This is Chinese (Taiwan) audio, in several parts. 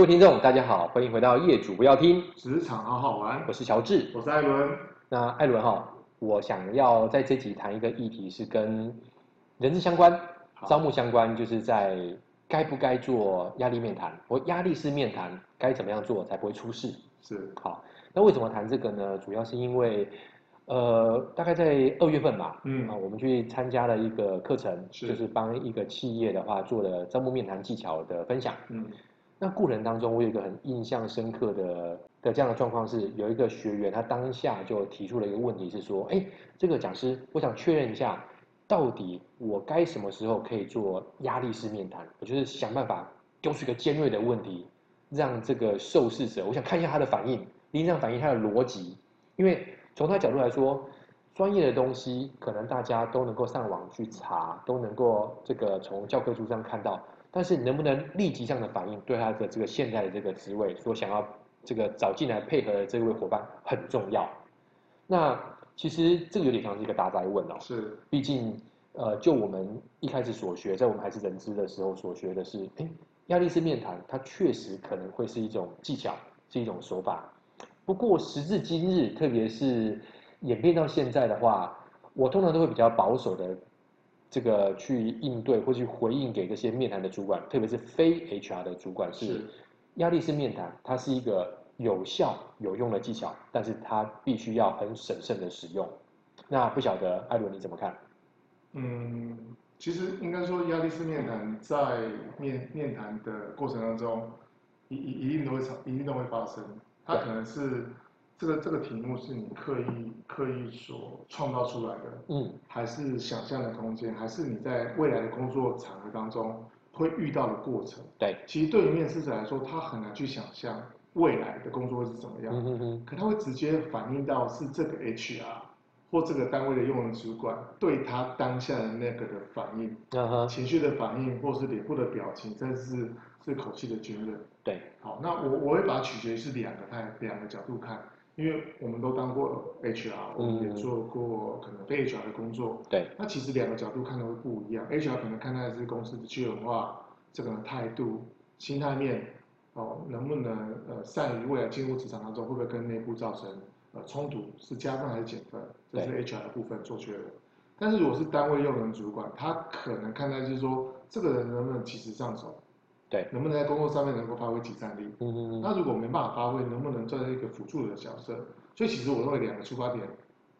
各位聽眾，大家好，歡迎回到《業主不要聽職場好好玩》，我是喬治，我是艾倫。那艾倫哈，我想要在這集談一個議題，是跟人事相關、好招募相關，就是在該不該做壓力面談？我壓力式面談，該怎麼樣做才不會出事？是好。那為什麼談這個呢？主要是因為，呃，大概在二月份嘛，嗯啊、嗯，我們去參加了一個課程，是就是幫一個企業的話做了招募面談技巧的分享，嗯。那過程當中，我有一個很印象深刻的的這樣的狀況是，有一個學員，他當下就提出了一個問題，是說：“哎、欸，這個講師，我想確認一下，到底我該什麼時候可以做壓力式面談？我就是想辦法丟出一個尖銳的問題，讓這個受試者，我想看一下他的反應，臨場反應他的邏輯，因為從他角度來說，專業的東西可能大家都能夠上網去查，都能夠這個從教科書上看到。”但是能不能立即上的反應，對他的這個現在的這個職位，說想要這個找進來配合的這位伙伴很重要。那其實這個有點像是一個大哉問哦。是。畢竟，呃，就我們一開始所學，在我們還是人資的時候所學的是，哎，壓力式面談，它確實可能會是一種技巧，是一種手法。不過時至今日，特別是演變到現在的話，我通常都會比較保守的。這個去應對或去回應給這些面談的主管，特別是非 HR 的主管是，是壓力式面談，它是一個有效有用的技巧，但是它必須要很審慎的使用。那不曉得艾倫你怎麼看？嗯，其實應該說壓力式面談在面面談的過程當中，一一定都會一定都會發生，它可能是。這個這個題目是你刻意刻意所創造出來的，嗯，還是想象的空間，還是你在未來的工作場合當中會遇到的過程？對，其實對於面試者來說，他很難去想象未來的工作會是怎麼樣，嗯哼哼，可他會直接反映到是這個 HR 或這個單位的用人主管對他當下的那個的反應，嗯、哼情緒的反應，或是臉部的表情，這是這口氣的結論。對，好，那我我會把它取決於是兩個看，兩個角度看。因為我們都當過 HR，我們也做過可能被 HR 的工作。對、嗯，那其實兩個角度看的會不一樣。對 HR 可能看待的是公司的企業文化，這個態度、心態面，哦，能不能呃善於未來進入職場當中，會不會跟內部造成呃衝突，是加分還是減分，這是 HR 部分做缺的。對但是如果是單位用人主管，他可能看待就是說，這個人能不能及時上手。對，能不能在工作上面能夠發揮其戰力？嗯嗯嗯。那如果沒辦法發揮，能不能做一個輔助的角色？所以其實我認為兩個出發點，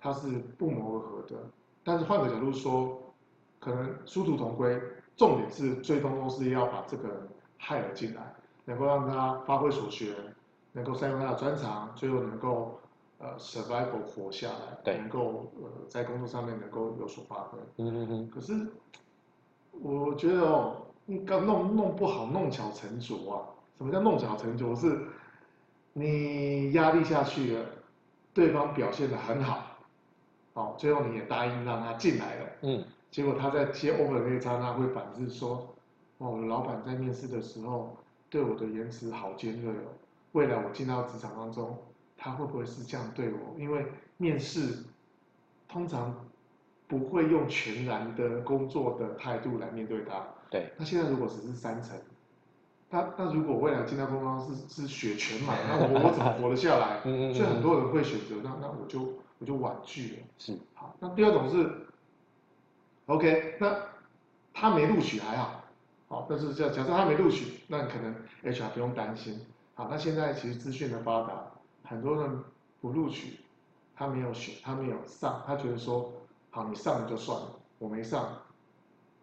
它是不謀而合的。但是換個角度說，可能殊途同歸。重點是最終都是要把這個人 hire 進來，能夠讓他發揮所學，能夠善用他的專長，最後能夠呃 survival 活下來，對能夠呃在工作上面能夠有所發揮。嗯嗯嗯。可是我覺得哦。你剛弄弄不好弄巧成拙啊？什麼叫弄巧成拙？是，你壓力下去了，對方表現得很好，好，最後你也答應讓他進來了，嗯，結果他在接 offer 那剎那會反思說：“哦，我的老闆在面試的時候對我的言辭好尖銳哦，未來我進到職場當中，他會不會是這樣對我？”因為面試通常不會用全然的工作的態度來面對他。對，他現在如果只是三層，那那如果未來進到公司是是血全滿，那我我怎麼活得下來？所以 很多人會選擇，那那我就我就婉拒了。是，好，那第二種是，OK，那他沒錄取還好，好，但是假假設他沒錄取，那你可能 HR 不用擔心。好，那現在其實資訊的發達，很多人不錄取，他沒有選，他沒有上，他覺得說，好，你上了就算了，我沒上。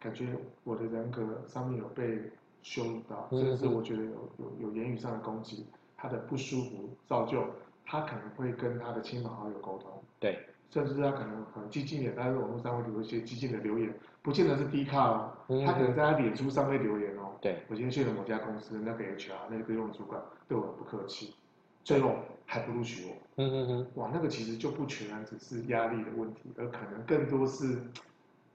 感覺我的人格上面有被羞辱到，甚至我覺得有有有言語上的攻擊，他的不舒服造就他可能會跟他的親朋好友溝通，對，甚至他可能很激進的，但是在網絡上會有一些激進的留言，不見得是低卡哦，嗯、哼他可能在他臉書上會留言哦，對，我今天去了某家公司，那個 HR 那個用主管對我很不客氣，對最後還不錄取我，嗯嗯哼嗯，哇，那個其實就不全然只是壓力的問題，而可能更多是。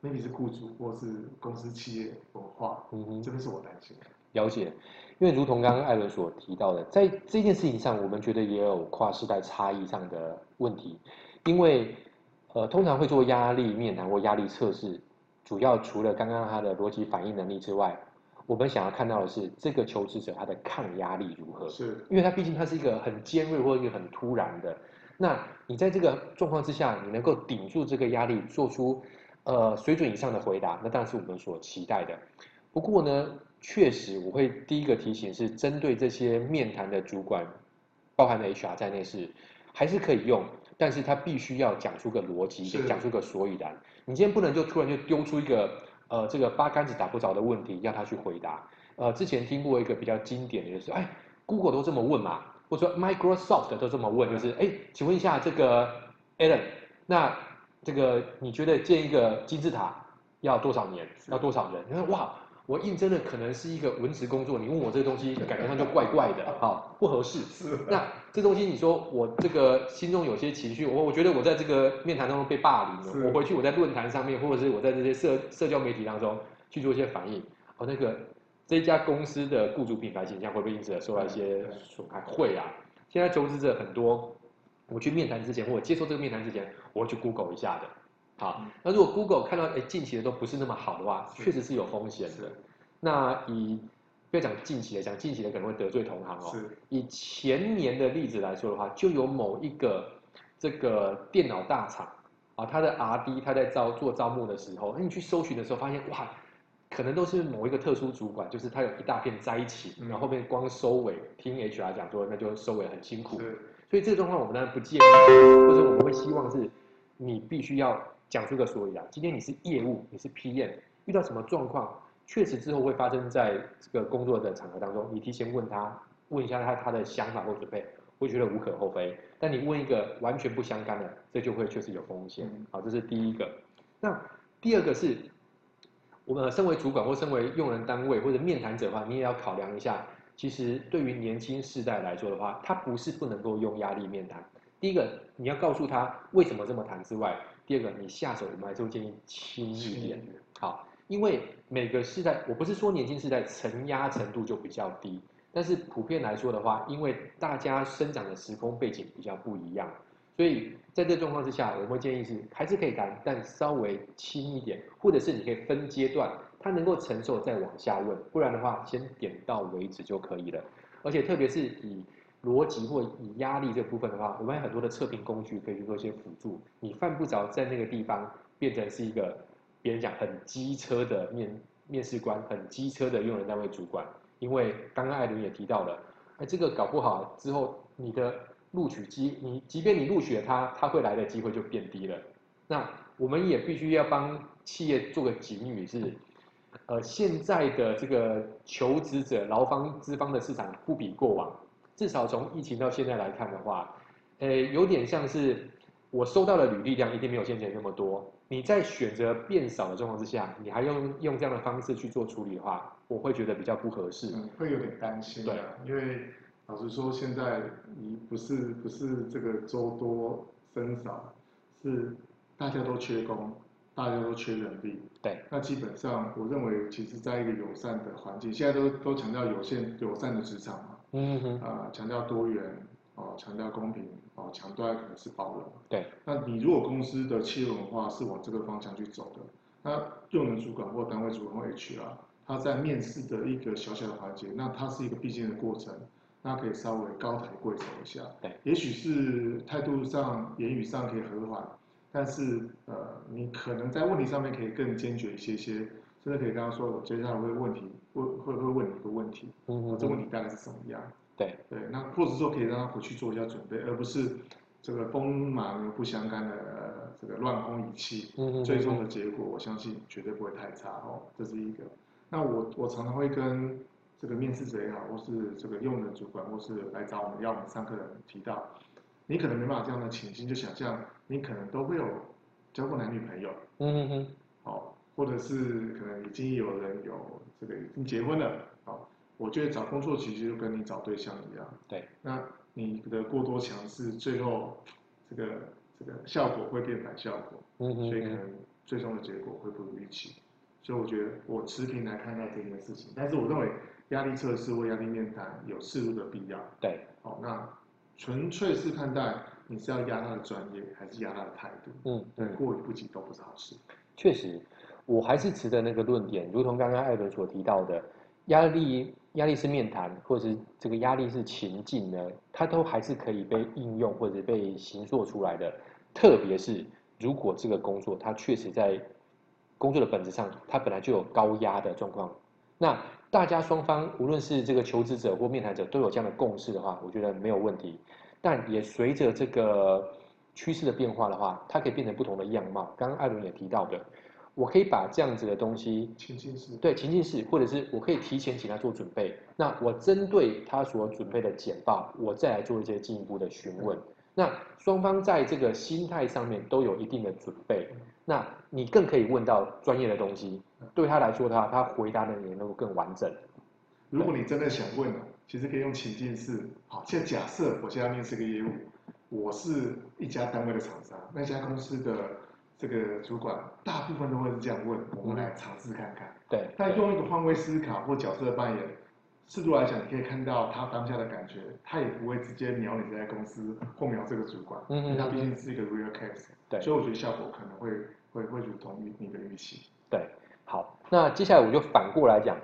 那你是雇主或是公司企業文化？嗯哼，這個是我擔心的。了解，因為如同剛剛艾倫所提到的，在這件事情上，我們覺得也有跨世代差異上的問題。因為，呃，通常會做壓力面談或壓力測試，主要除了剛剛他的邏輯反應能力之外，我們想要看到的是這個求職者他的抗壓力如何？是，因為他畢竟他是一個很尖銳或者一個很突然的。那你在這個狀況之下，你能夠頂住這個壓力，做出？呃，水準以上的回答，那當然是我們所期待的。不過呢，確實我會第一個提醒是，針對這些面談的主管，包含 HR 在內是，還是可以用，但是他必須要講出個邏輯，講出個所以然。是你今天不能就突然就丟出一個，呃，這個八竿子打不着的問題要他去回答。呃，之前聽過一個比較經典的，就是，哎，Google 都這麼問嘛，或者說 Microsoft 都這麼問，就是，哎，請問一下這個 Alan，那。這個你覺得建一個金字塔要多少年？是要多少人？你說哇，我應徵的可能是一個文職工作，你問我這個東西，感覺上就怪怪的，好不合適。啊、那這東西你說我這個心中有些情緒，我我覺得我在這個面談當中被霸凌了，是我回去我在論壇上面，或者是我在這些社社交媒體當中去做一些反應。哦，那個這家公司的雇主品牌形象會不會因此受到一些損害？嗯嗯、說會啊。現在求職者很多。我去面談之前，或者接受這個面談之前，我會去 Google 一下的，好。那如果 Google 看到哎、欸、近期的都不是那麼好的話，確是實是有風險的。是那以不要講近期的，講近期的可能會得罪同行哦。是以前年的例子來說的話，就有某一個這個電腦大廠啊，他的 R&D 他在招做招募的時候，那你去搜尋的時候發現哇，可能都是某一個特殊主管，就是他有一大片災情，然後後面光收尾，嗯、聽 HR 講說那就收尾很辛苦。所以這個狀況，我們當然不建議，或者我們會希望是，你必須要講出個所以然。今天你是業務，你是 PM，遇到什麼狀況確實之後會發生在這個工作的場合當中，你提前問他，問一下他他的想法或準備，會覺得無可厚非。但你問一個完全不相干的，這就會確實有風險。好，這是第一個。那第二個是，我們身為主管或身為用人單位或者面談者的話，你也要考量一下。其實對於年輕世代來說的話，他不是不能夠用壓力面談。第一個，你要告訴他為什麼這麼談之外，第二個，你下手我們還是會建議輕一點，七好，因為每個世代，我不是說年輕世代承壓程度就比較低，但是普遍來說的話，因為大家生長的時空背景比較不一樣，所以在這狀況之下，我們建議是還是可以談，但稍微輕一點，或者是你可以分階段。他能夠承受，再往下問，不然的話，先點到為止就可以了。而且，特別是以邏輯或以壓力這部分的話，我們有很多的測評工具可以去做一些輔助。你犯不着在那個地方變成是一個別人講很機車的面面試官，很機車的用人單位主管。因為剛剛艾倫也提到了，哎，這個搞不好之後，你的錄取機，你即便你錄取了他，他會來的機會就變低了。那我們也必須要幫企業做個警語是。呃，現在的這個求職者勞方資方的市場不比過往，至少從疫情到現在來看的話，呃、欸，有點像是我收到的履歷量一定沒有先前那麼多。你在選擇變少的狀況之下，你還用用這樣的方式去做處理的話，我會覺得比較不合適，嗯。會有點擔心。對，因為老實說，現在你不是不是這個粥多僧少，是大家都缺工。大家都缺人力對，那基本上我認為，其實在一個友善的環境，現在都都強調有限友善的職場嘛，嗯哼，啊、呃，強調多元，啊、呃，強調公平，啊、呃，強調可能是包容，對。那你如果公司的企業文化是往這個方向去走的，那用人主管或單位主管或 HR，他在面試的一個小小的環節，那它是一個必經的過程，那可以稍微高抬貴手一下，對，也許是態度上、言語上可以和緩。但是呃，你可能在問題上面可以更堅決一些些，甚至可以跟他說，我接下來會問題，會會會問你一個問題，我、嗯嗯嗯、這問題大概是什麼樣。對對，那或者說可以讓他回去做一下準備，而不是這個風馬牛不相干的這個亂轟一氣，嗯嗯嗯嗯最終的結果我相信絕對不會太差哦，這是一個。那我我常常會跟這個面試者也好，或是這個用人主管，或是來找我們要我們上課的人提到。你可能沒辦法這樣的情形，就想象，你可能都會有交過男女朋友，嗯嗯哼，好，或者是可能已經有人有這個已經結婚了，好，我覺得找工作其實就跟你找對象一樣，對，那你的過多強勢，最後這個這個效果會變反效果，嗯哼，所以可能最終的結果會不如預期，所以我覺得我持平來看待這件事情，但是我認為壓力測試或壓力面談有適度的必要，對，好，那。純粹是看待你是要壓他的專業，還是壓他的態度。嗯，對，過猶不及都不是好事。確實，我還是持的那個論點，如同剛剛艾倫所提到的，壓力壓力是面談，或者是這個壓力是情境呢，它都還是可以被應用，或者是被形塑出來的。特別是如果這個工作它確實在工作的本質上，它本來就有高壓的狀況。那大家雙方，無論是這個求職者或面談者，都有這樣的共識的話，我覺得沒有問題。但也隨着這個趨勢的變化的話，它可以變成不同的樣貌。剛剛艾倫也提到的，我可以把這樣子的東西，情境式，對情境式，或者是我可以提前請他做準備。那我針對他所準備的簡報，我再來做一些進一步的詢問。那雙方在這個心態上面都有一定的準備。那你更可以問到專業的東西，對他來說的話，他他回答的也能夠更完整。如果你真的想問，其實可以用情境式。好，現在假設我現在面試一個業務，我是一家單位的廠商，那家公司的這個主管大部分都會這樣問，我們來嘗試看看。對，對但用一個換位思考或角色扮演，適度來講，你可以看到他當下的感覺，他也不會直接瞄你這家公司或瞄這個主管，因為他畢竟是一個 real case，嗯嗯嗯對，所以我覺得效果可能會會會如同於你的預期。對，好，那接下來我就反過來講，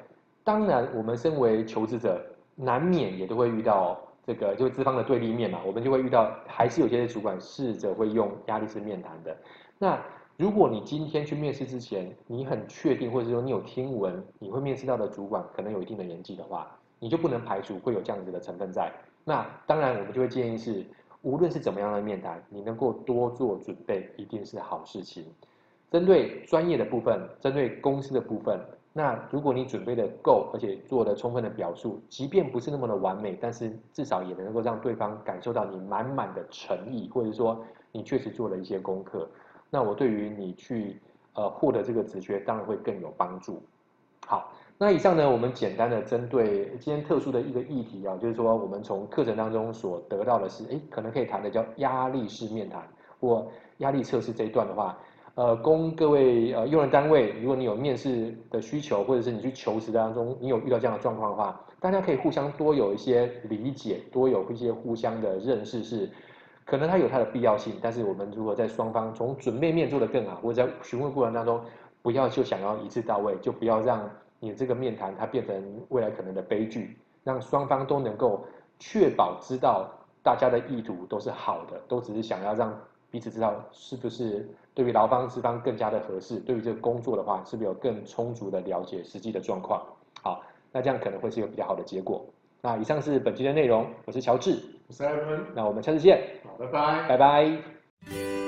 當然我們身為求職者，難免也都會遇到這個，就是資方的對立面嘛，我們就會遇到，還是有些主管試着會用壓力式面談的，那。如果你今天去面試之前，你很確定，或者說你有聽聞你會面試到的主管可能有一定的年紀的話，你就不能排除會有這樣子的成分在。那當然，我們就會建議是，無論是怎麼樣的面談，你能夠多做準備，一定是好事情。針對專業的部分，針對公司的部分，那如果你準備的夠，而且做的充分的表述，即便不是那麼的完美，但是至少也能夠讓對方感受到你滿滿的誠意，或者說你確實做了一些功課。那我對於你去呃獲得這個職缺，當然會更有幫助。好，那以上呢，我們簡單的針對今天特殊的一個議題啊，就是說我們從課程當中所得到的是，哎，可能可以談的叫壓力式面談，或壓力測試這一段的話，呃，供各位呃用人單位，如果你有面試的需求，或者是你去求職的當中你有遇到這樣的狀況的話，大家可以互相多有一些理解，多有一些互相的認識是。可能它有它的必要性，但是我們如果在雙方從準備面做得更好，或者在詢問過程當中，不要就想要一次到位，就不要讓你這個面談它變成未來可能的悲劇，讓雙方都能夠確保知道大家的意圖都是好的，都只是想要讓彼此知道是不是對於勞方資方更加的合適，對於這個工作的話是不是有更充足的了解實際的狀況，好，那這樣可能會是有比較好的結果。那以上是本期的內容，我是喬治。那我們下次見。好，拜拜。拜拜。